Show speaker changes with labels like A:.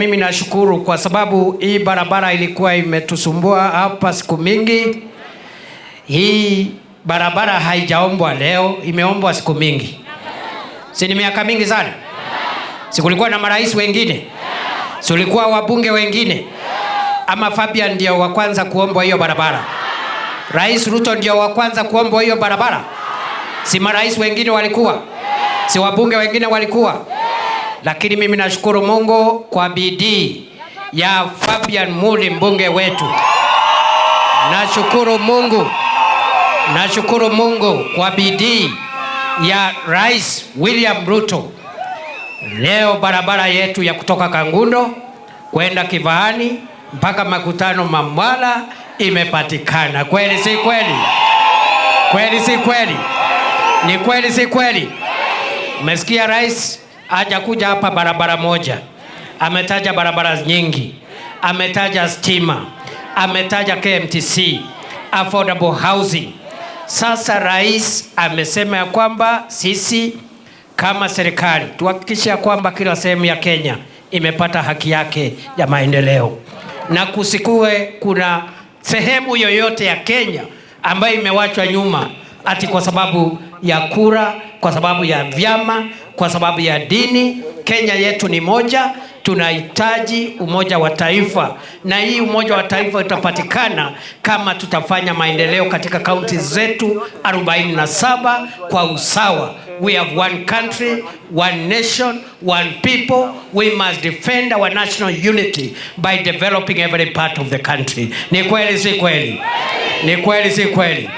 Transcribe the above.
A: Mimi nashukuru kwa sababu hii barabara ilikuwa imetusumbua hapa siku mingi. Hii barabara haijaombwa leo, imeombwa siku mingi, si ni miaka mingi sana? Si kulikuwa na marais wengine, si ulikuwa wabunge wengine? Ama Fabian ndio wa kwanza kuombwa hiyo barabara? Rais Ruto ndio wa kwanza kuombwa hiyo barabara? Si marais wengine walikuwa? Si wabunge wengine walikuwa? Lakini mimi nashukuru Mungu kwa bidii ya Fabian Muli mbunge wetu. Nashukuru Mungu, nashukuru Mungu kwa bidii ya Rais William Ruto. Leo barabara yetu ya kutoka Kangundo kwenda Kivaani mpaka makutano Mamwala imepatikana. Kweli si kweli? Kweli si kweli? Ni kweli si kweli? Umesikia rais? hajakuja hapa barabara moja, ametaja barabara nyingi, ametaja stima, ametaja KMTC, affordable housing. Sasa rais amesema ya kwamba sisi kama serikali tuhakikishe ya kwamba kila sehemu ya Kenya imepata haki yake ya maendeleo na kusikue kuna sehemu yoyote ya Kenya ambayo imewachwa nyuma ati kwa sababu ya kura, kwa sababu ya vyama, kwa sababu ya dini. Kenya yetu ni moja, tunahitaji umoja wa taifa, na hii umoja wa taifa utapatikana kama tutafanya maendeleo katika kaunti zetu 47 kwa usawa.
B: We have one country, one nation, one people. We must defend our national unity by developing every part of the country. Ni kweli si kweli? Ni kweli si kweli?